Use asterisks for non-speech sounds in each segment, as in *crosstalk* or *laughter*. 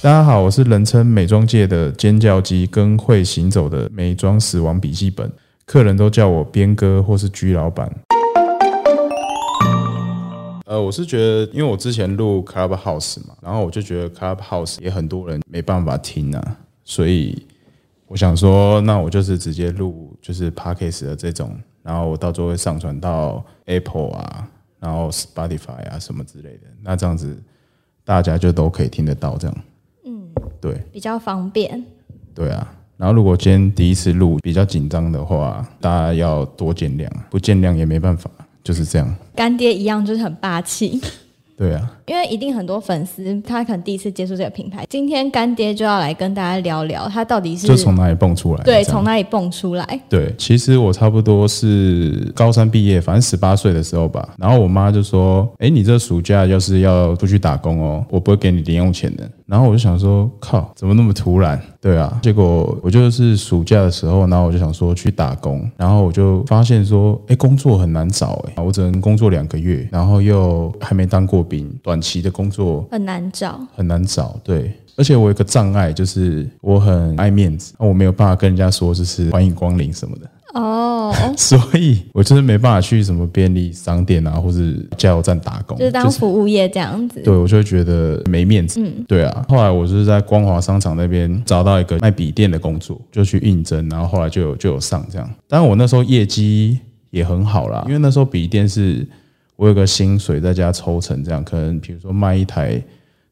大家好，我是人稱美妝界的尖叫雞，跟會行走的美妝死亡筆記本，客人都叫我邊哥或是居老闆。呃，我是覺得，因為我之前錄 Clubhouse 嘛，然後我就覺得 Clubhouse 也很多人沒辦法聽啊，所以我想說，那我就是直接錄就是 Podcast 的這種，然後我到最後會上傳到 Apple 啊，然後 Spotify 啊什麼之類的，那這樣子大家就都可以聽得到這樣。對，比較方便。對啊，然後如果今天第一次錄比較緊張的話，大家要多見諒，不見諒也沒辦法，就是這樣。乾爹一樣，就是很霸氣。對啊。因為一定很多粉絲，他可能第一次接觸這個品牌。今天乾爹就要來跟大家聊聊，他到底是就從哪裡蹦出來？對，這樣，從哪裡蹦出來？對，其實我差不多是高三畢業，反正十八歲的時候吧。然後我媽就說：“哎，你這暑假要是要出去打工哦，我不會給你零用錢的。”然後我就想說：“靠，怎麼那麼突然？”對啊，結果我就是暑假的時候，然後我就想說去打工，然後我就發現說：“哎，工作很難找，哎，我只能工作兩個月，然後又還沒當過兵。”短期的工作很難找，很難找。對，而且我有個障礙，就是我很愛面子，我沒有辦法跟人家說就是歡迎光臨什麼的。哦，oh. *laughs* 所以我就是沒辦法去什麼便利商店啊，或是加油站打工，就是當服務業這樣子。就是、對，我就會覺得沒面子。嗯，對啊。後來我就是在光華商場那邊找到一個賣筆電的工作，就去應徵，然後後來就有就有上這樣。當然我那時候業績也很好啦，因為那時候筆電是。我有個薪水再加抽成，這樣可能比如說賣一台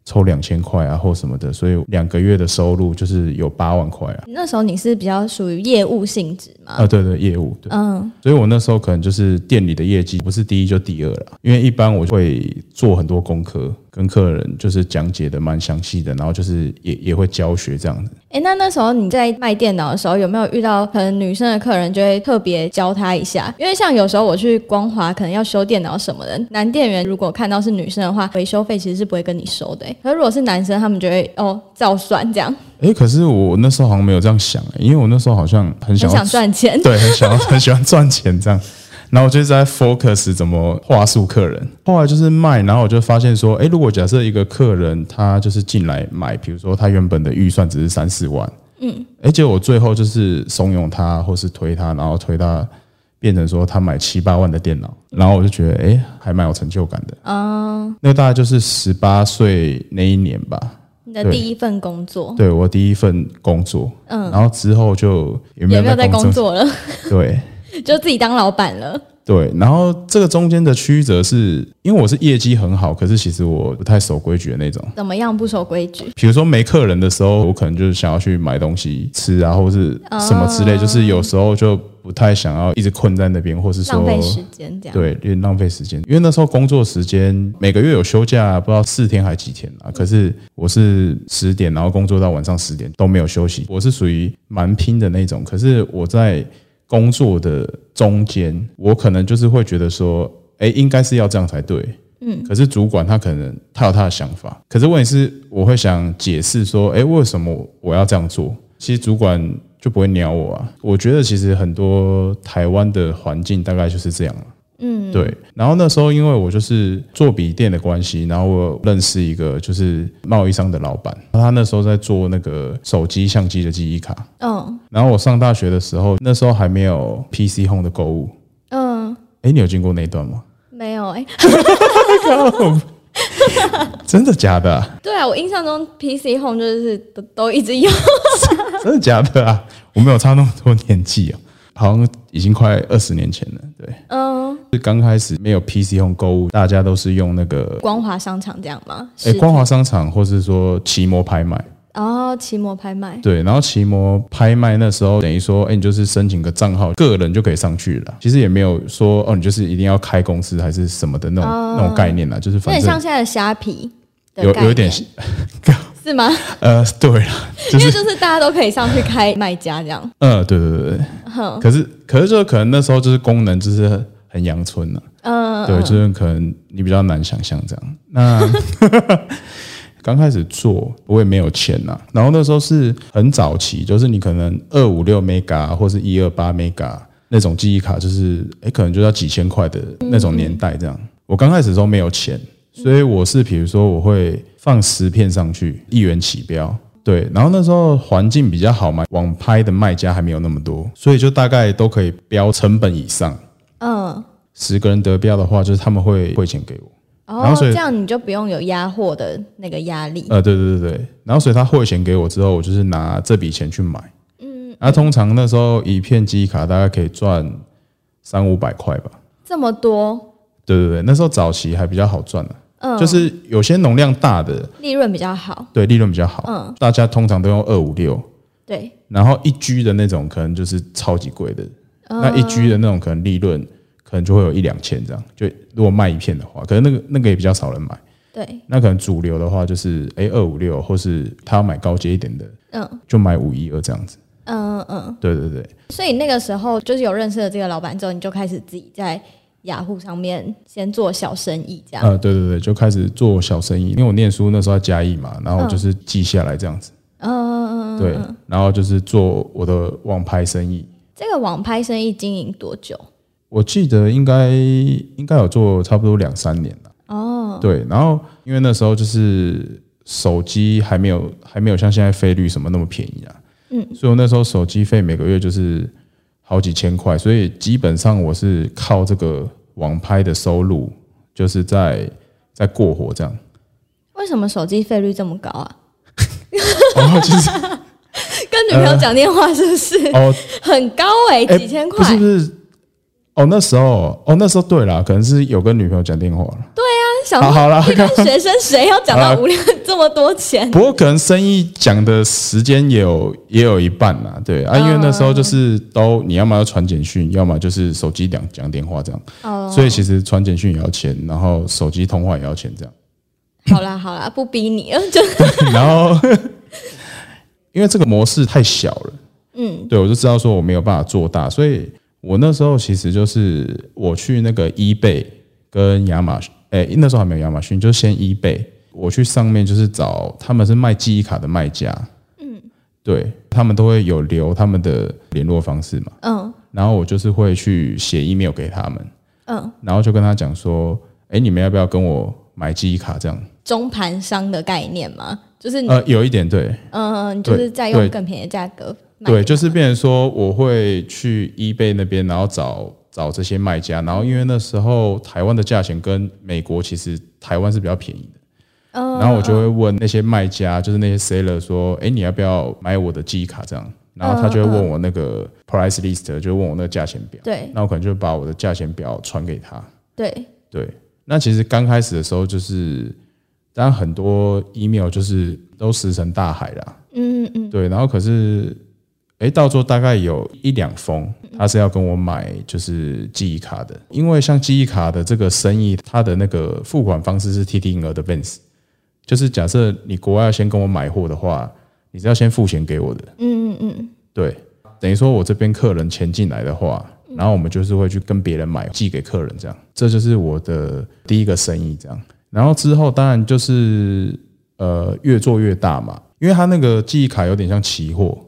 抽兩千塊啊，或什麼的，所以兩個月的收入就是有八萬塊啊。那時候你是比較屬於業務性質嘛？啊，對，對對，業務，對。嗯，所以我那時候可能就是店裡的業績不是第一就第二了，因為一般我會做很多功課，跟客人就是講解的蠻詳細的，然後就是也也會教學這樣子。誒、欸，那那時候你在賣電腦的時候，有沒有遇到可能女生的客人就會特別教她一下？因為像有時候我去光華，可能要修電腦什麼的，男店員如果看到是女生的話，維修費其實是不會跟你收的、欸。可是如果是男生，他們就會哦照算這樣。誒、欸，可是我那時候好像沒有這樣想、欸，因為我那時候好像很想賺錢，對，很想要很喜歡賺錢這樣。 *laughs* 然後我就在 focus 怎麼話術客人，後來就是賣，然後我就發現說，哎，如果假設一個客人他就是進來買，比如說他原本的預算只是三四萬，嗯，結果我最後就是慫恿他或是推他，然後推他變成說他買七八萬的電腦，然後我就覺得，哎，還蠻有成就感的啊。那個大概就是十八歲那一年吧，你的第一份工作，對我第一份工作，嗯，然後之後就有沒有在工作了？對。就自己當老板了。對，然後這個中間的曲折是因為我是業績很好，可是其實我不太守規矩的那種。怎麼樣不守規矩？比如說沒客人的時候，我可能就是想要去買東西吃啊，或者是什麼之類，uh、就是有時候就不太想要一直困在那邊，或是說浪費時間這樣。對，有點浪費時間。因為那時候工作時間每個月有休假、啊，不知道四天還幾天啊。嗯、可是我是十點然後工作到晚上十點都沒有休息，我是屬於蠻拼的那種。可是我在。工作的中間，我可能就是會覺得說，欸，應該是要這樣才對，嗯。可是主管他可能他有他的想法，可是問題是，我會想解釋說，欸，為什麼我要這樣做？其實主管就不會鳥我啊。我覺得其實很多台灣的環境大概就是這樣。嗯，對。然後那時候，因為我就是做筆電的關係，然後我認識一個就是貿易商的老闆，然後他那時候在做那個手機相機的記憶卡。嗯。然後我上大學的時候，那時候還沒有 PC Home 的購物。嗯。哎，你有經過那一段嗎？沒有哎。誒 *laughs* 靠 *laughs* 真的假的啊？對啊，我印象中 PC Home 就是都都一直用。真的假的啊？我沒有差那麼多年紀啊。好像已經快二十年前了，對，嗯、哦，是剛開始沒有 PC 用購物，大家都是用那個光華商場這樣嗎？欸、光華商場，或是說奇摩拍賣。哦，奇摩拍賣，對，然後奇摩拍賣那時候等於說，哎、欸，你就是申請個賬號，個人就可以上去了，其實也沒有說哦，你就是一定要開公司還是什麼的那種、哦、那種概念啦。就是反正像現在的蝦皮，有有一點、嗯 *laughs* 是嗎？呃，對了，就是、因為就是大家都可以上去開賣家這樣。嗯、呃，對對對對好。可是可是就是可能那時候就是功能就是很陽春呢、啊。嗯、呃，對，就是可能你比較難想象這樣。那剛 *laughs* *laughs* 開始做，我也沒有錢吶、啊，然後那時候是很早期，就是你可能二五六 mega 或是一二八 mega 那種記憶卡，就是、欸、可能就要幾千塊的那種年代這樣。嗯嗯，我剛開始的時候沒有錢。所以我是比如說我會放十片上去，一元起標，對，然後那時候環境比較好嘛，網拍的賣家還沒有那麼多，所以就大概都可以標成本以上。嗯，十個人得標的話，就是他們會匯錢給我。然後哦，這樣你就不用有壓貨的那個壓力。呃，對對對對，然後所以他匯錢給我之後，我就是拿這筆錢去買。嗯，那通常那時候一片記憶卡大概可以賺三五百塊吧。這麼多？對對對，那時候早期還比較好賺呢、啊。就是有些容量大的，嗯，利潤比較好，對，利潤比較好。嗯，大家通常都用二五六，對。然後一 G 的那種可能就是超級貴的，嗯，那一 G 的那種可能利潤可能就會有一兩千這樣。就如果賣一片的話，可能那個那個也比較少人買。對，那可能主流的話就是欸，二五六，或是他要買高階一點的，嗯，就買五一二這樣子。嗯嗯，嗯對對對。所以那個時候就是有認識了這個老板之後，你就開始自己在。雅虎上面先做小生意，這樣啊、呃，對對對，就開始做小生意。因為我念書那時候要嘉義嘛，然後就是記下來這樣子，嗯，嗯對，然後就是做我的網拍生意。這個網拍生意經營多久？我記得應該應該有做差不多兩三年了。哦，對，然後因為那時候就是手機還沒有還沒有像現在費率什麼那麼便宜啊，嗯，所以我那時候手機費每個月就是。好幾千塊，所以基本上我是靠這個網拍的收入，就是在在過活這樣。為什麼手機費率這麼高啊？ *laughs* 哦、其實跟女朋友講電話是不是？哦、呃，很高哎、欸，欸、幾千塊是不是？哦，那時候哦，那時候對啦，可能是有跟女朋友講電話了。對。好了，你看學生誰要講到五六這麼多錢剛剛？不過可能生意講的時間也有也有一半嘛，對啊，因為那時候就是都你要麼要傳簡訊，要麼就是手機講講電話這樣，所以其實傳簡訊也要錢，然後手機通話也要錢這樣。好啦好啦，不逼你了。然後因為這個模式太小了，嗯，對，我就知道說我沒有辦法做大，所以我那時候其實就是我去那個 eBay 跟亞馬遜。哎、欸，那時候還沒有亞馬遜，就先 eBay，我去上面就是找他們是賣記憶卡的賣家，嗯，對，他們都會有留他們的聯絡方式嘛，嗯，然後我就是會去寫 email 給他們，嗯，然後就跟他講說，哎、欸，你們要不要跟我買記憶卡這樣？中盤商的概念嗎？就是你，呃，有一點對，嗯嗯、呃，你就是再用更便宜的價格對，對，就是變成說我會去 eBay 那邊，然後找。找這些賣家，然後因為那時候台灣的價錢跟美國，其實台灣是比較便宜的，oh、然後我就會問那些賣家，oh、就是那些 seller 說：“哎、oh 欸，你要不要買我的記憶卡？”這樣，然後他就會問我那個 price list、oh、就問我那個價錢表。對，oh、那我可能就把我的價錢表傳給他。對、oh、對，對那其實剛開始的時候就是，當很多 email 就是都石沉大海啦。嗯嗯嗯，對，然後可是。欸，到時候大概有一兩封，他是要跟我買，就是記憶卡的。因為像記憶卡的這個生意，它的那個付款方式是 TT in Advance，就是假設你國外要先跟我買貨的話，你是要先付錢給我的。嗯嗯嗯。對，等於說我這邊客人錢進來的話，然後我們就是會去跟別人買，寄給客人這樣。這就是我的第一個生意這樣。然後之後當然就是呃越做越大嘛，因為他那個記憶卡有點像期貨。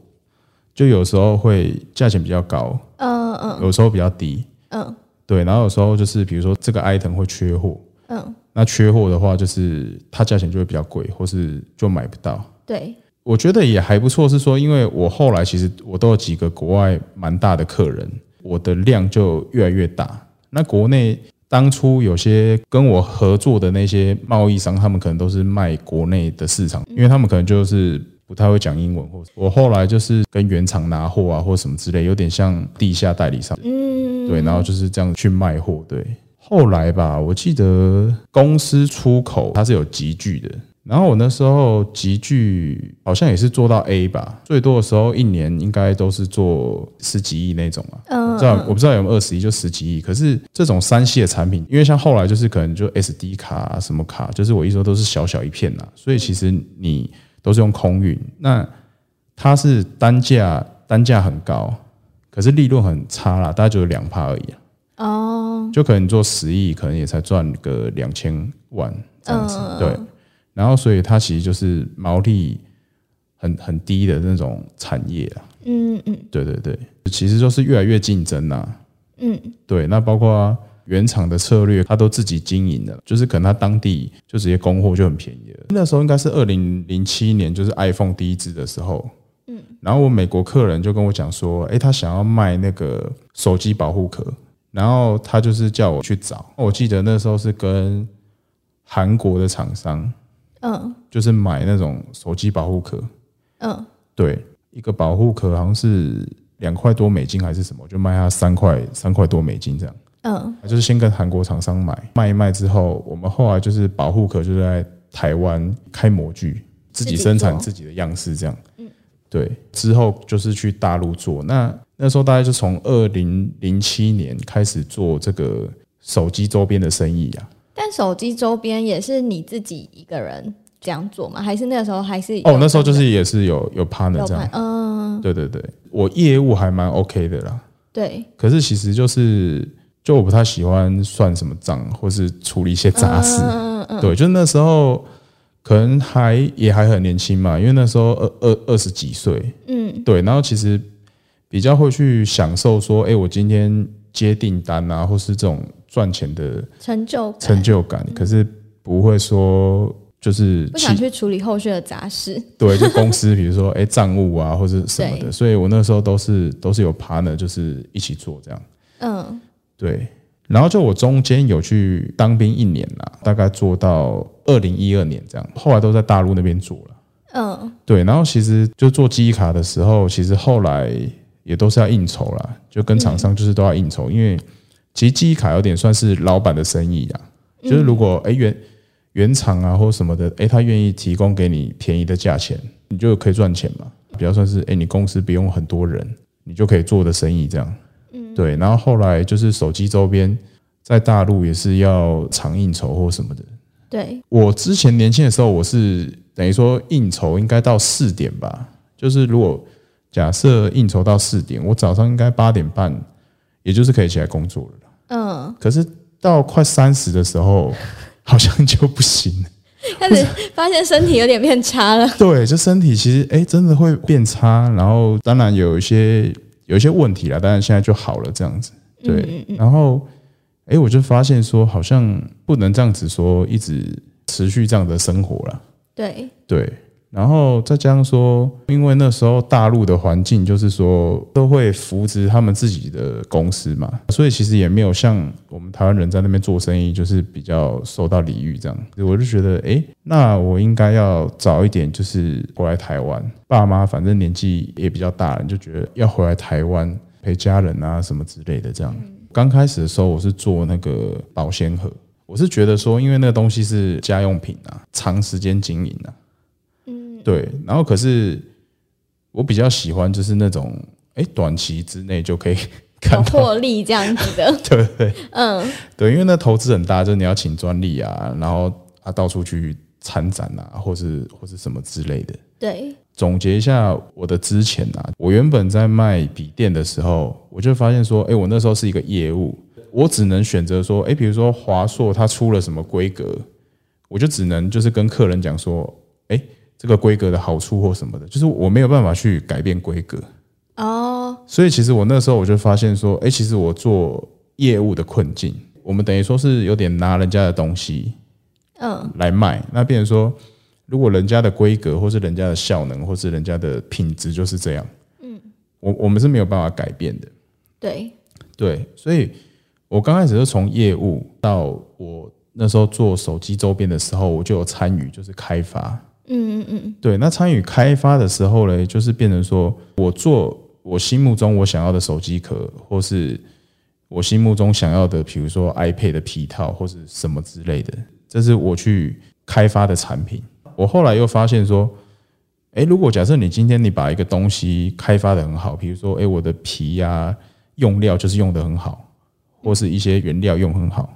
就有時候會價錢比較高，嗯嗯，有時候比較低，嗯，oh. 對，然後有時候就是比如說這個 item 會缺貨，嗯，oh. 那缺貨的話就是它價錢就會比較貴，或是就買不到。對，我覺得也還不錯，是說因為我後來其實我都有幾個國外蠻大的客人，我的量就越來越大。那國內當初有些跟我合作的那些貿易商，他們可能都是賣國內的市場，嗯、因為他們可能就是。不太會講英文，或是我後來就是跟原廠拿貨啊，或什麼之類，有點像地下代理商，嗯，對，然後就是這樣去賣貨，對。後來吧，我記得公司出口它是有集聚的，然後我那時候集聚好像也是做到 A 吧，最多的時候一年應該都是做十幾億那種啊，嗯，知道我不知道有沒有二十億就十幾億，可是這種 3C 的產品，因為像後來就是可能就 SD 卡、啊、什麼卡，就是我一說都是小小一片吶、啊，所以其實你。都是用空運，那它是單價單價很高，可是利潤很差啦，大概就有兩趴而已哦、啊，oh. 就可能做十億，可能也才賺個兩千萬這樣子。Oh. 對，然後所以它其實就是毛利很很低的那種產業啊。嗯嗯、mm hmm. 對對對，其實就是越來越競爭啦、啊。嗯、mm，hmm. 對，那包括、啊。原廠的策略，他都自己經營的，就是可能他當地就直接供貨就很便宜了。那時候應該是二零零七年，就是 iPhone 第一支的時候。嗯，然後我美國客人就跟我講說，誒，他想要賣那個手機保護殼，然後他就是叫我去找。我記得那時候是跟韓國的廠商，嗯，就是買那種手機保護殼，嗯，對，一個保護殼好像是兩塊多美金還是什麼，就賣他三塊三塊多美金這樣。嗯，就是先跟韓國廠商買，賣一賣之後，我們後來就是保護殼，就是在台灣開模具，自己，自己生產自己的樣式，這樣。嗯，對。之後就是去大陸做。那那時候大概就從二零零七年開始做這個手機周邊的生意啊。但手機周邊也是你自己一個人這樣做嗎？還是那個時候還是？哦，那時候就是也是有有 partner 這樣。嗯，對對對，我業務還蠻 OK 的啦。對。可是其實就是。就我不太喜歡算什麼賬，或是處理一些雜事。Uh, uh, 對，就那時候可能還也還很年輕嘛，因為那時候二二二十幾歲。嗯，對。然後其實比較會去享受說，哎、欸，我今天接訂單啊，或是這種賺錢的成就成就，成就感。可是不會說就是不想去處理後續的雜事。對，就公司， *laughs* 比如說哎、欸，賬務啊，或者什麼的。對所以我那時候都是都是有 partner，就是一起做這樣。嗯。Uh, 對，然後就我中間有去當兵一年啦，大概做到二零一二年這樣，後來都在大陸那邊做了。嗯、哦，對，然後其實就做記憶卡的時候，其實後來也都是要應酬啦，就跟廠商就是都要應酬，嗯、因為其實記憶卡有點算是老闆的生意啊。嗯、就是如果誒原原廠啊或什麼的，誒他願意提供給你便宜的價錢，你就可以賺錢嘛，比較算是誒你公司不用很多人，你就可以做的生意這樣。對，然後後來就是手機周邊，在大陸也是要常應酬或什麼的。對，我之前年輕的時候，我是等於說應酬應該到四點吧。就是如果假設應酬到四點，我早上應該八點半，也就是可以起來工作了。嗯，可是到快三十的時候，好像就不行了。開始發現身體有點變差了。對，就身體其實誒真的會變差，然後當然有一些。有一些問題了，當然現在就好了，這樣子。對，然後，哎、欸，我就發現說，好像不能這樣子說，一直持續這樣子的生活了。對對。對然後再加上說，因為那時候大陸的環境就是說都會扶持他們自己的公司嘛，所以其實也沒有像我們台灣人在那邊做生意，就是比較受到禮遇這樣。我就覺得，哎，那我應該要早一點就是回來台灣。爸媽反正年紀也比較大了，就覺得要回來台灣陪家人啊什麼之類的這樣。剛開始的時候我是做那個保鮮盒，我是覺得說，因為那個東西是家用品啊，長時間經營啊。對，然後可是我比較喜歡就是那種哎，短期之內就可以看獲利這樣子的，對不對？嗯，對，因為那投資很大，就是你要請專利啊，然後啊到處去參展啊，或是或是什麼之類的。對，總結一下我的之前啊，我原本在賣筆電的時候，我就發現說，哎，我那時候是一個業務，我只能選擇說，哎，比如說華碩它出了什麼規格，我就只能就是跟客人講說，哎。這個規格的好處或什麼的，就是我沒有辦法去改變規格哦。Oh. 所以其實我那時候我就發現說，哎、欸，其實我做業務的困境，我們等於說是有點拿人家的東西，嗯，來賣。Oh. 那變成說，如果人家的規格，或是人家的效能，或是人家的品質就是這樣，嗯、mm.，我我們是沒有辦法改變的。對對，所以我剛開始是從業務到我那時候做手機周邊的時候，我就有參與，就是開發。嗯嗯嗯嗯，對，那參與開發的時候呢，就是變成說我做我心目中我想要的手機殼，或是我心目中想要的，比如說 iPad 的皮套，或是什麼之類的，這是我去開發的產品。我後來又發現說，哎、欸，如果假設你今天你把一個東西開發得很好，比如說，哎、欸，我的皮啊，用料就是用得很好，或是一些原料用很好，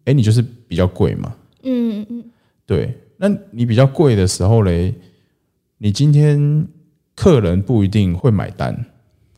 哎、欸，你就是比較貴嘛。嗯嗯嗯，對。那你比較貴的時候嘞，你今天客人不一定會買單，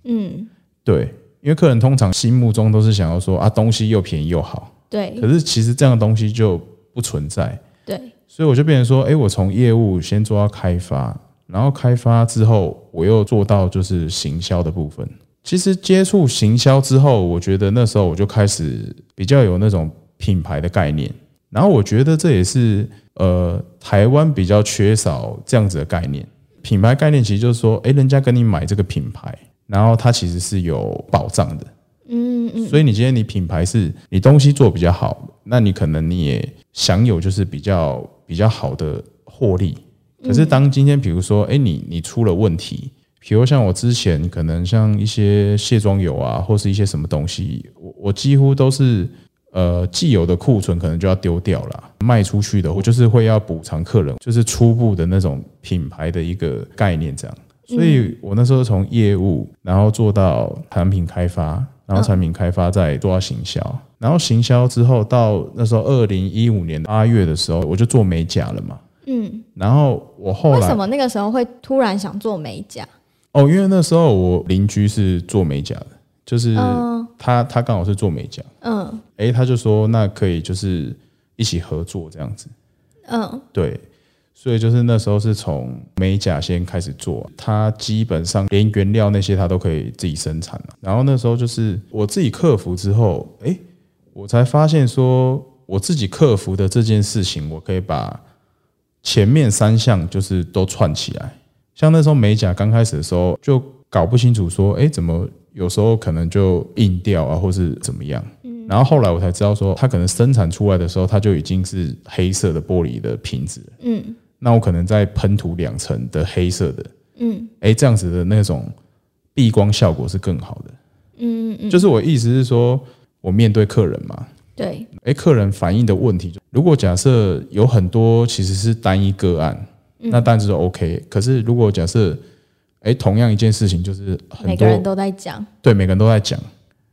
嗯，對，因為客人通常心目中都是想要說啊，東西又便宜又好，對，可是其實這樣東西就不存在，對，所以我就變成說，誒，我從業務先做到開發，然後開發之後我又做到就是行銷的部分。其實接觸行銷之後，我覺得那時候我就開始比較有那種品牌的概念。然後我覺得這也是呃台灣比較缺少這樣子的概念，品牌概念其實就是說，哎、欸，人家跟你買這個品牌，然後它其實是有保障的，嗯嗯。所以你今天你品牌是你東西做比較好，那你可能你也享有就是比較比較好的獲利。可是當今天比如說，哎、欸，你你出了問題，比如像我之前可能像一些卸妝油啊，或是一些什麼東西，我我幾乎都是。呃，既有的庫存可能就要丟掉了，賣出去的我就是會要補償客人，就是初步的那種品牌的一個概念這樣。嗯、所以我那時候從業務，然後做到產品開發，然後產品開發再抓行銷，嗯、然後行銷之後到那時候二零一五年八月的時候，我就做美甲了嘛。嗯。然後我後來為什麼那個時候會突然想做美甲？哦，因為那時候我鄰居是做美甲的。就是他，oh. 他剛好是做美甲。嗯，哎，他就說，那可以，就是一起合作這樣子。嗯，oh. 對，所以就是那時候是從美甲先開始做，他基本上連原料那些他都可以自己生產了。然後那時候就是我自己克服之後，哎、欸，我才發現說我自己克服的這件事情，我可以把前面三項就是都串起來。像那時候美甲剛開始的時候，就搞不清楚說，哎、欸，怎麼？有時候可能就硬掉啊，或是怎麼樣。嗯、然後後來我才知道說，它可能生產出來的時候，它就已經是黑色的玻璃的瓶子。嗯，那我可能再噴塗兩層的黑色的。嗯，哎、欸，這樣子的那種避光效果是更好的。嗯嗯，就是我意思是說，我面對客人嘛。對。哎、欸，客人反映的問題，如果假設有很多其實是單一個案，嗯、那當然就是 OK。可是如果假設哎，同樣一件事情就是很多，每個人都在講，對，每個人都在講。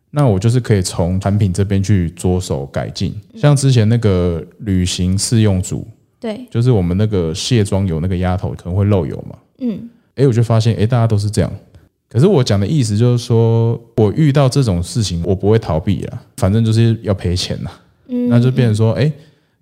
那我就是可以從產品這邊去着手改進。嗯，像之前那個旅行試用組，對，就是我們那個卸妝油那個壓頭可能會漏油嘛，嗯，哎，我就發現，哎，大家都是這樣。可是我講的意思就是說，我遇到這種事情，我不會逃避啦，反正就是要賠錢啦，嗯，嗯，那就變成說，哎。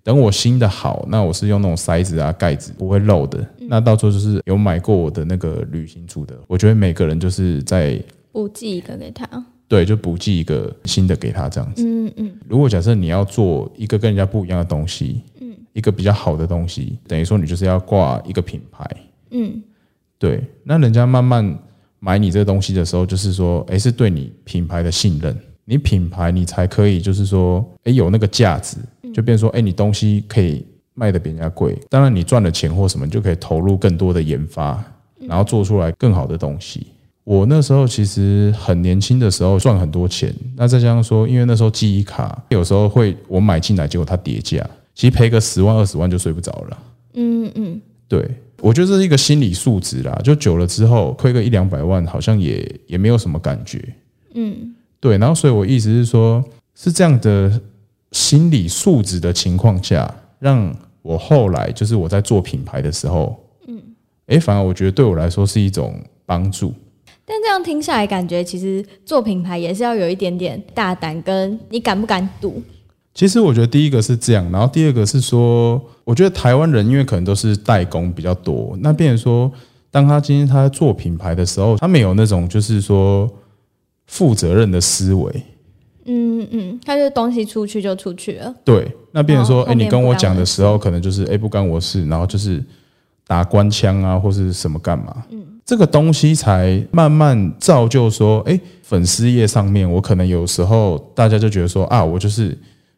等我新的好，那我是用那種塞子啊蓋子，不會漏的。嗯、那到時候就是有買過我的那個旅行組的，我覺得每個人就是在補寄一個給他，對，就補寄一個新的給他這樣子。嗯嗯。如果假設你要做一個跟人家不一樣的東西，嗯，一個比較好的東西，等於說你就是要掛一個品牌，嗯，對。那人家慢慢買你這個東西的時候，就是說，哎、欸，是對你品牌的信任。你品牌，你才可以就是說，哎、欸，有那個價值，就變說，哎、欸，你東西可以賣的比人家貴。當然，你賺了錢或什麼，你就可以投入更多的研發，然後做出來更好的東西。我那時候其實很年輕的時候賺很多錢，那再加上說，因為那時候記憶卡有時候會我買進來，結果它跌價，其實賠個十萬二十萬就睡不着了。嗯嗯，對，我覺得這是一個心理素質啦。就久了之後虧個一兩百萬，好像也也沒有什麼感覺。嗯。對，然後所以我意思是說，是這樣的心理素質的情況下，讓我後來就是我在做品牌的時候，嗯，誒，反而我覺得對我來說是一種幫助。但這樣聽下來，感覺其實做品牌也是要有一點點大膽，跟你敢不敢賭？其實我覺得第一個是這樣，然後第二個是說，我覺得台灣人因為可能都是代工比較多，那變成說當他今天他在做品牌的時候，他沒有那種就是說。負責任的思維、嗯，嗯嗯，他這個東西出去就出去了。對，那變成說，哎、欸，你跟我講的時候，可能就是哎、欸、不關我事，然後就是打官腔啊，或是什麼幹嘛？嗯，這個東西才慢慢造就說，哎、欸，粉絲頁上面，我可能有時候大家就覺得說啊，我就是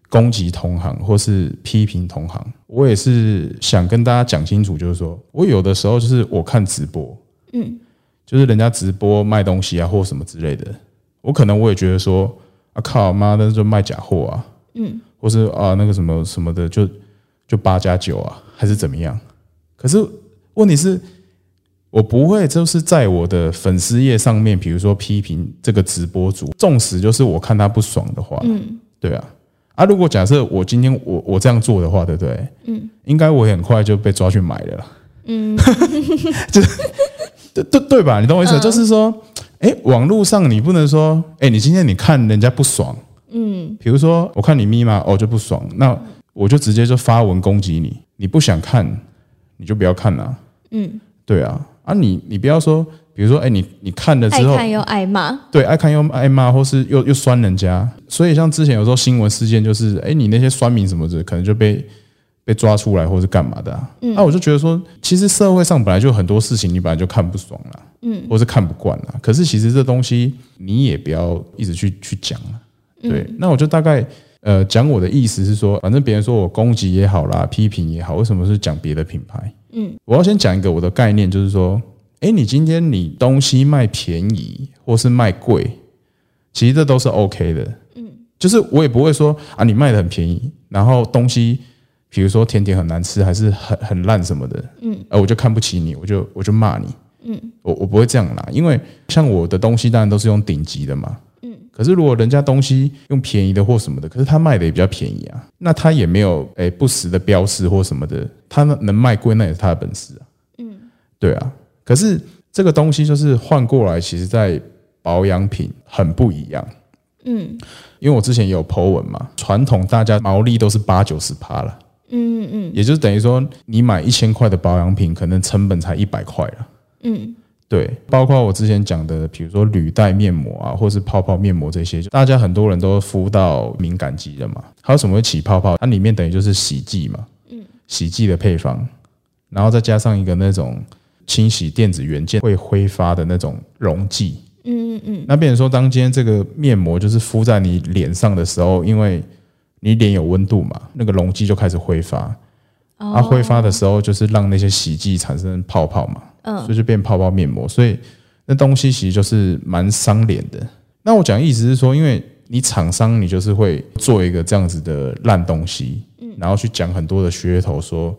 攻擊同行或是批評同行。我也是想跟大家講清楚，就是說我有的時候就是我看直播，嗯，就是人家直播賣東西啊，或什麼之類的。我可能我也覺得說，啊靠，媽的，就賣假貨啊，嗯，或是啊那個什麼什麼的，就就八加九啊，還是怎麼樣？可是問題是，我不會就是在我的粉絲頁上面，比如說批評這個直播主，縱使就是我看他不爽的話，嗯，對啊，啊，如果假設我今天我我這樣做的話，對不對？嗯，應該我很快就被抓去買了，嗯，就是對對對吧？你懂我意思，就是說。哎、欸，網絡上你不能說，哎、欸，你今天你看人家不爽，嗯，比如說我看你密碼，哦就不爽，那我就直接就發文攻擊你。你不想看，你就不要看吶、啊。嗯，對啊，啊你你不要說，比如說，哎、欸、你你看了之後，愛看又愛罵，對，愛看又愛罵，或是又又酸人家。所以像之前有時候新聞事件就是，哎、欸、你那些酸民什麼的，可能就被。被抓出來，或是幹嘛的、啊？嗯、啊，那我就覺得說，其實社會上本來就很多事情，你本來就看不爽啦，嗯，或是看不慣啦。可是其實這東西，你也不要一直去去講啦。對，嗯、那我就大概呃講我的意思是說，反正別人說我攻擊也好啦，批評也好，為什麼是講別的品牌？嗯，我要先講一個我的概念，就是說，哎、欸，你今天你東西賣便宜或是賣貴，其實這都是 OK 的。嗯，就是我也不會說啊，你賣的很便宜，然後東西。比如說，甜點很難吃，還是很很爛什麼的，嗯，我就看不起你我，我就罵我就罵你，嗯，我我不會這樣啦，因為像我的東西當然都是用頂級的嘛，嗯，可是如果人家東西用便宜的或什麼的，可是他賣的也比較便宜啊，那他也沒有誒、欸、不實的標示或什麼的，他能賣貴那也是他的本事啊，嗯，對啊，可是這個東西就是換過來，其實在保養品很不一樣，嗯，因為我之前也有 PO 文嘛，傳統大家毛利都是八九十趴了。嗯嗯，嗯，也就是等於說，你買一千塊的保養品，可能成本才一百塊了。嗯，對，包括我之前講的，比如說鋁帶面膜啊，或者是泡泡面膜這些，大家很多人都敷到敏感肌的嘛。還有什麼會起泡泡？它裡面等於就是洗劑嘛，嗯，洗劑的配方，然後再加上一個那種清洗電子元件會揮發的那種溶劑，嗯嗯嗯。那變成說，當今天這個面膜就是敷在你臉上的時候，因為。你臉有溫度嘛，那個溶劑就開始揮發，它揮、oh. 啊、發的時候就是讓那些洗劑產生泡泡嘛，uh. 所以就變泡泡面膜。所以那東西其實就是蠻傷臉的。那我講的意思是說，因為你廠商你就是會做一個這樣子的爛東西，嗯、然後去講很多的噱頭，說，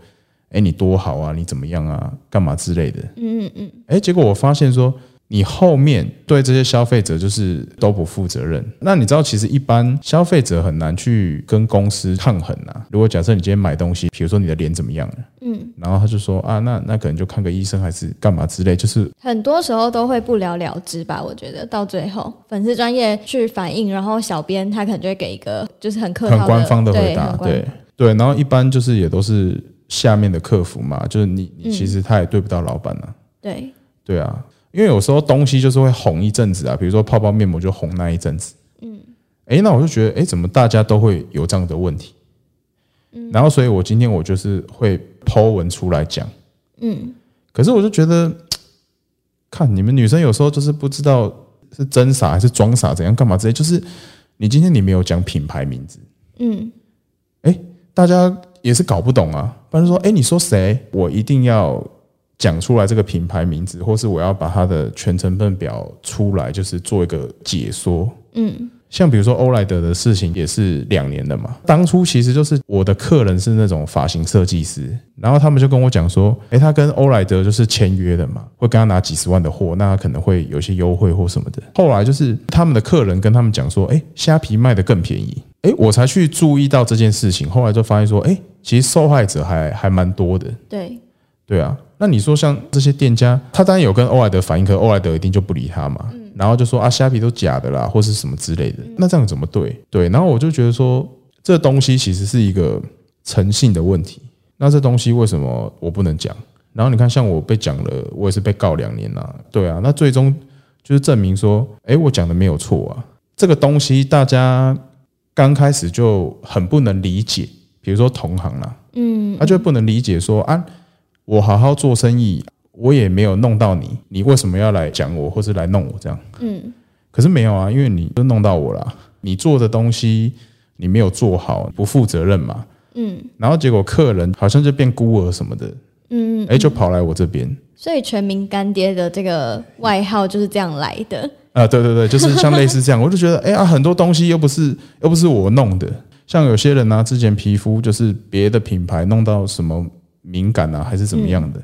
哎、欸，你多好啊，你怎麼樣啊，幹嘛之類的。嗯嗯嗯。哎、欸，結果我發現說。你後面對這些消費者就是都不負責任。那你知道，其實一般消費者很難去跟公司抗衡啊。如果假設你今天買東西，比如說你的臉怎麼樣、啊，嗯，然後他就說啊，那那可能就看個醫生還是幹嘛之類，就是很多時候都會不了了之吧。我覺得到最後，粉絲專業去反映，然後小編他可能就會給一個就是很客套的很官方的回答，對對，對。然後一般就是也都是下面的客服嘛，就是你你其實他也對不到老闆呢、啊嗯。對對啊。因為有時候東西就是會紅一陣子啊，比如說泡泡面膜就紅那一陣子。嗯，哎、欸，那我就覺得，哎、欸，怎麼大家都會有這樣的問題？嗯，然後所以我今天我就是會 po 文出來講。嗯，可是我就覺得，看你們女生有時候就是不知道是真傻還是裝傻，怎樣幹嘛之類，就是你今天你沒有講品牌名字。嗯，哎、欸，大家也是搞不懂啊，不然說，哎、欸，你說誰？我一定要。講出來這個品牌名字，或是我要把它的全成分表出來，就是做一個解說。嗯，像比如說歐萊德的事情也是兩年的嘛。當初其實就是我的客人是那種髮型設計師，然後他們就跟我講說：“誒，他跟歐萊德就是簽約的嘛，會跟他拿幾十萬的貨，那他可能會有些優惠或什麼的。”後來就是他們的客人跟他們講說：“誒，蝦皮賣得更便宜。”誒，我才去注意到這件事情，後來就發現說：“誒，其實受害者還還蠻多的。”對。對啊，那你說像這些店家，他當然有跟歐萊德反映，可歐萊德一定就不理他嘛，嗯、然後就說啊蝦皮都假的啦，或是什麼之類的，嗯、那這樣怎麼對？對，然後我就覺得說這東西其實是一個誠信的問題，那這東西為什麼我不能講？然後你看，像我被講了，我也是被告兩年啦、啊。對啊，那最終就是證明說，哎，我講的沒有錯啊，這個東西大家剛開始就很不能理解，比如說同行啦，嗯，嗯，他就不能理解說啊。我好好做生意，我也沒有弄到你，你為什麼要來講我，或是來弄我這樣？嗯，可是沒有啊，因為你都弄到我了。你做的東西你沒有做好，不負責任嘛。嗯，然後結果客人好像就變孤兒什麼的。嗯，嗯，嗯，誒、欸，就跑來我這邊。所以，全民乾爹的這個外號就是這樣來的。啊、呃，對對對，就是像類似這樣，我就覺得，哎、欸、呀、啊，很多東西又不是又不是我弄的，像有些人呢、啊，之前皮膚就是別的品牌弄到什麼。敏感啊，還是怎麼樣的？嗯、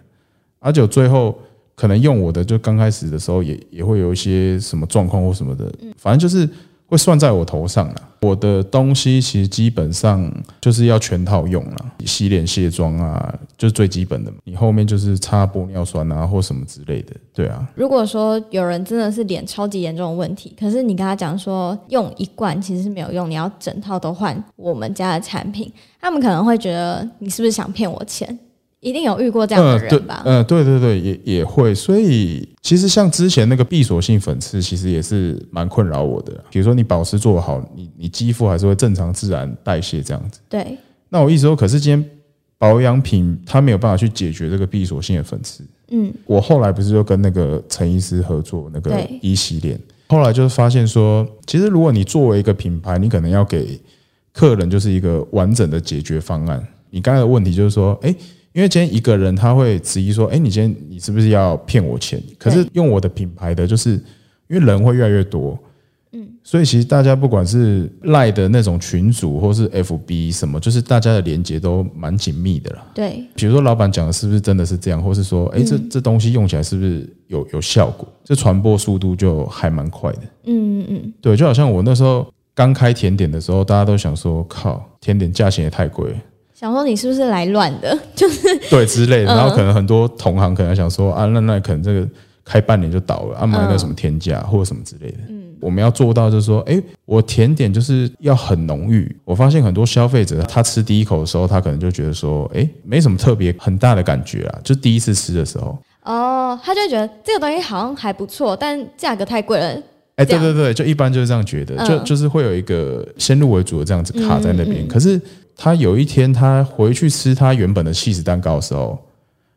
而且最後可能用我的，就剛開始的時候也也會有一些什麼狀況或什麼的，嗯、反正就是會算在我頭上了、啊。我的東西其實基本上就是要全套用了、啊，洗臉卸妝啊，就是、最基本的嘛。你後面就是擦玻尿酸啊，或什麼之類的，對啊。如果說有人真的是臉超級嚴重的問題，可是你跟他講說用一罐其實是沒有用，你要整套都換我們家的產品，他們可能會覺得你是不是想騙我錢？一定有遇過這樣的人吧？嗯對、呃，對對對，也也會。所以其實像之前那個閉鎖性粉刺，其實也是蠻困擾我的。比如說你保濕做好，你你肌膚還是會正常自然代謝這樣子。對。那我意思說，可是今天保養品它沒有辦法去解決這個閉鎖性的粉刺。嗯。我後來不是就跟那個陳醫師合作那個醫洗臉，對後來就是發現說，其實如果你作為一個品牌，你可能要給客人就是一個完整的解決方案。你剛才的問題就是說，哎。因為今天一個人他會質疑說：“哎，你今天你是不是要騙我錢？”對可是用我的品牌的就是，因為人會越來越多，嗯，所以其實大家不管是賴的那種群組，或是 FB 什麼，就是大家的連結都蠻緊密的啦。對，比如說老闆講的是不是真的是這樣，或是說，哎，這、嗯、這東西用起來是不是有有效果？這傳播速度就還蠻快的。嗯嗯嗯，對，就好像我那時候剛開甜點的時候，大家都想說：“靠，甜點價錢也太貴了。”想說你是不是來亂的，就是對之類的，嗯、然後可能很多同行可能想說啊，那那可能這個開半年就倒了，啊，買一個什麼天價、嗯、或者什麼之類的。嗯，我們要做到就是說，哎，我甜點就是要很濃郁。我發現很多消費者他吃第一口的時候，他可能就覺得說，哎，沒什麼特別很大的感覺啊，就第一次吃的時候，哦，他就會覺得這個東西好像還不錯，但價格太貴了。哎，欸、對對對，樣就一般就是這樣覺得，嗯、就就是會有一個先入為主的這樣子卡在那邊。嗯嗯、可是他有一天他回去吃他原本的起司蛋糕的時候，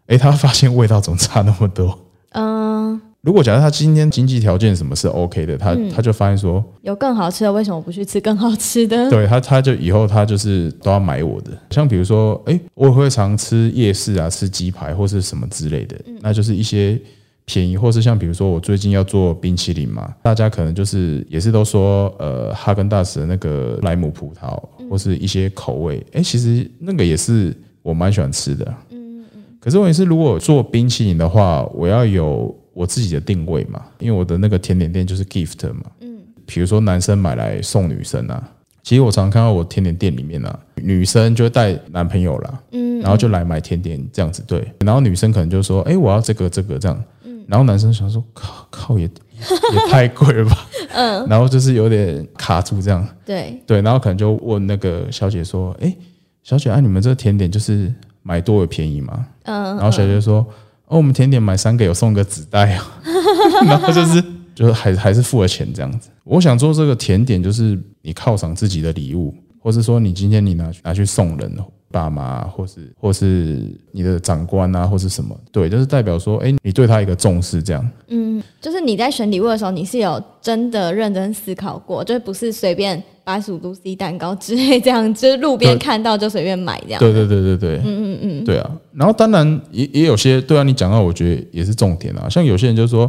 哎、欸，他發現味道總差那麼多。嗯，如果假設他今天經濟條件什麼是 OK 的，他、嗯、他就發現說有更好吃的，為什麼不去吃更好吃的？對他，他就以後他就是都要買我的。像比如說，哎、欸，我會常吃夜市啊，吃雞排或是什麼之類的，嗯、那就是一些。便宜，或是像比如說我最近要做冰淇淋嘛，大家可能就是也是都說，呃，哈根達斯的那個萊姆葡萄，或是一些口味，哎、嗯、欸，其實那個也是我蠻喜歡吃的。嗯，嗯。可是問題是，如果做冰淇淋的話，我要有我自己的定位嘛，因為我的那個甜點店就是 gift 嘛。嗯。比如說男生買來送女生啊，其實我常看到我甜點店裡面啊，女生就會帶男朋友啦，嗯，嗯。然後就來買甜點這樣子。對，然後女生可能就說，哎、欸，我要這個這個這樣。然後男生想說，靠靠也也太貴了吧， *laughs* 嗯，然後就是有點卡住這樣，對對，然後可能就問那個小姐說，哎，小姐啊，你們這個甜點就是買多有便宜嗎？嗯，然後小姐說，嗯、哦，我們甜點買三個有送個紙袋啊， *laughs* 然後就是就還是還還是付了錢這樣子。我想做這個甜點，就是你犒賞自己的禮物，或是說你今天你拿拿去送人，爸媽、啊，或是或是你的長官啊，或是什麼，對，就是代表說，哎、欸，你對他一個重視，這樣，嗯，就是你在選禮物的時候，你是有真的認真思考過，就不是隨便八十五度 C 蛋糕之類，這樣，就是路邊看到就隨便買這樣，對對對對對，嗯嗯嗯，對啊，然後當然也也有些，對啊，你講到我覺得也是重點啊，像有些人就是說，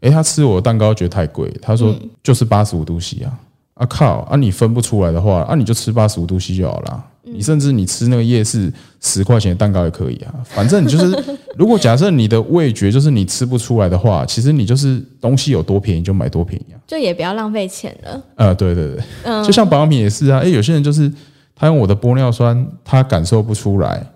哎、欸，他吃我的蛋糕覺得太貴，他說、嗯、就是八十五度 C 啊，啊靠，啊你分不出來的話，啊你就吃八十五度 C 就好啦。你甚至你吃那個夜市十塊錢的蛋糕也可以啊，反正你就是，如果假設你的味覺就是你吃不出來的話，其實你就是東西有多便宜就買多便宜啊，就也不要浪費錢了。呃，對對對，嗯，就像保養品也是啊、欸，誒有些人就是他用我的玻尿酸，他感受不出來，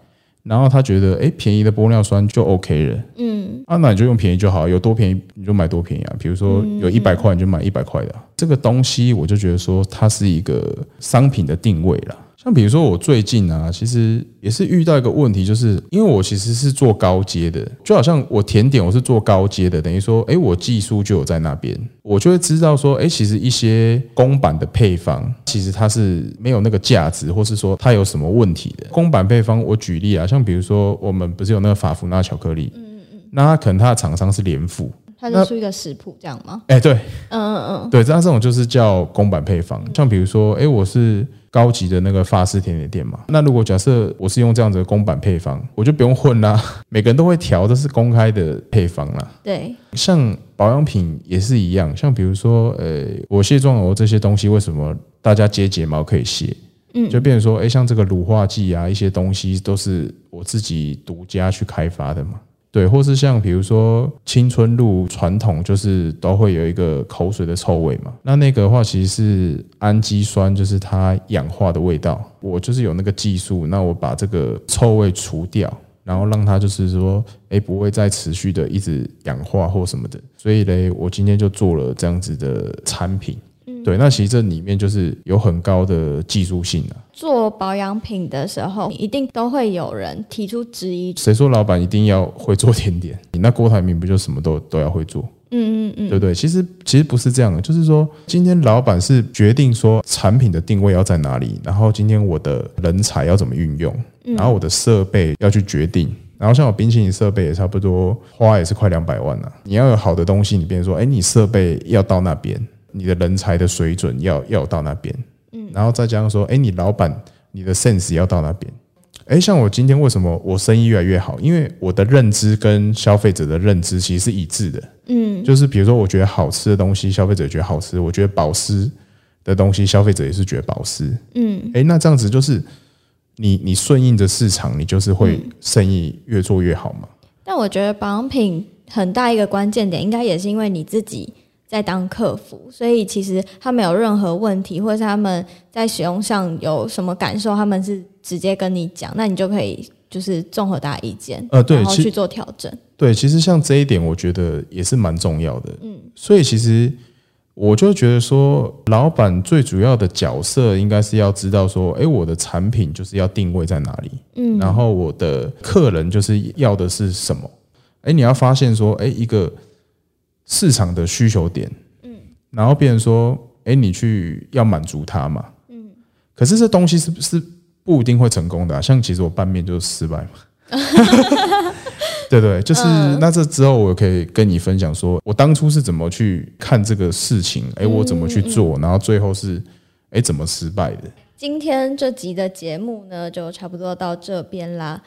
然後他覺得誒、欸、便宜的玻尿酸就 OK 了，嗯，啊，那你就用便宜就好，有多便宜你就買多便宜啊，比如說有一百塊你就買一百塊的、啊、這個東西，我就覺得說它是一個商品的定位了。像比如說我最近啊，其實也是遇到一個問題，就是因為我其實是做高階的，就好像我甜點我是做高階的，等於說，哎，我技術就有在那邊，我就會知道說，哎，其實一些公版的配方，其實它是沒有那個價值，或是說它有什麼問題的。公版配方，我舉例啊，像比如說我們不是有那個法芙娜巧克力，嗯嗯嗯，那它可能它的廠商是聯富，它就出一個食譜這樣嗎？哎，對，嗯嗯嗯，嗯對，這樣這種就是叫公版配方。像比如說，哎，我是。高級的那個法式甜點店嘛，那如果假設我是用這樣子的公版配方，我就不用混啦、啊。每個人都會調，這是公開的配方啦、啊。對，像保養品也是一樣，像比如說，呃、欸，我卸妝油這些東西，為什麼大家接睫毛可以卸？嗯，就變成說，誒、欸、像這個乳化劑啊，一些東西都是我自己獨家去開發的嘛。對，或是像比如說青春露，傳統就是都會有一個口水的臭味嘛。那那個的話其實是氨基酸，就是它氧化的味道。我就是有那個技術，那我把這個臭味除掉，然後讓它就是說，哎，不會再持續的一直氧化或什麼的。所以嘞，我今天就做了這樣子的產品。對，那其實這裡面就是有很高的技術性。做保養品的時候，一定都會有人提出質疑。誰說老闆一定要會做甜點？你那郭台銘不就什麼都都要會做？嗯嗯嗯，對不對？其實其實不是這樣的，就是說，今天老闆是決定說產品的定位要在哪裡，然後今天我的人才要怎麼運用，然後我的設備要去決定，然後像我冰淇淋設備也差不多，花也是快兩百萬了。你要有好的東西，你變成說，哎，你設備要到那邊。你的人才的水準要要到那邊，嗯，然後再加上說，哎、欸，你老板你的 sense 要到那邊，哎、欸，像我今天為什麼我生意越來越好，因為我的認知跟消費者的認知其實是一致的，嗯，就是比如說，我覺得好吃的東西，消費者覺得好吃，我覺得保濕的東西，消費者也是覺得保濕，嗯，哎、欸，那這樣子就是你你順應着市場，你就是會生意越做越好嘛。嗯、但我覺得保養品很大一個關鍵點，應該也是因為你自己。在當客服，所以其實他們有任何問題，或者是他們在使用上有什麼感受，他們是直接跟你講，那你就可以就是綜合大家意見，呃，對，然後去做調整。對，其實像這一點，我覺得也是蠻重要的。嗯，所以其實我就覺得說，老板最主要的角色應該是要知道說，哎，我的產品就是要定位在哪裡，嗯，然後我的客人就是要的是什麼，哎，你要發現說，哎，一個。市場的需求點，嗯，然後別人說，哎，你去要滿足他嘛，嗯，可是這東西是是不一定會成功的，啊，像其實我拌麵就是失敗嘛， *laughs* *laughs* 對對，就是、嗯、那這之後我可以跟你分享說，說我當初是怎麼去看這個事情，哎，我怎麼去做，嗯，然後最後是，哎，怎麼失敗的？今天這集的節目呢，就差不多到這邊啦，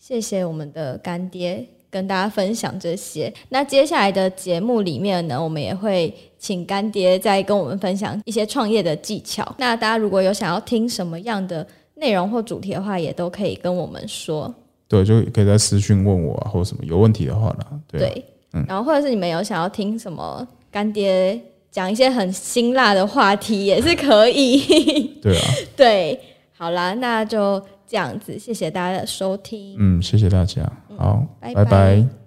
謝謝我們的乾爹，跟大家分享這些。那接下來的節目裡面呢，我們也會請乾爹再跟我們分享一些創業的技巧。那大家如果有想要聽什麼樣的內容或主題的話，也都可以跟我們說。對，就可以在私訊問我啊，或者什麼有問題的話呢？對啊，對。嗯，然後或者是你們有想要聽什麼乾爹講一些很辛辣的話題，也是可以。嗯。對啊， *laughs* 對，好啦，那就。這樣子，謝謝大家的收聽。嗯，謝謝大家。好，嗯，拜拜。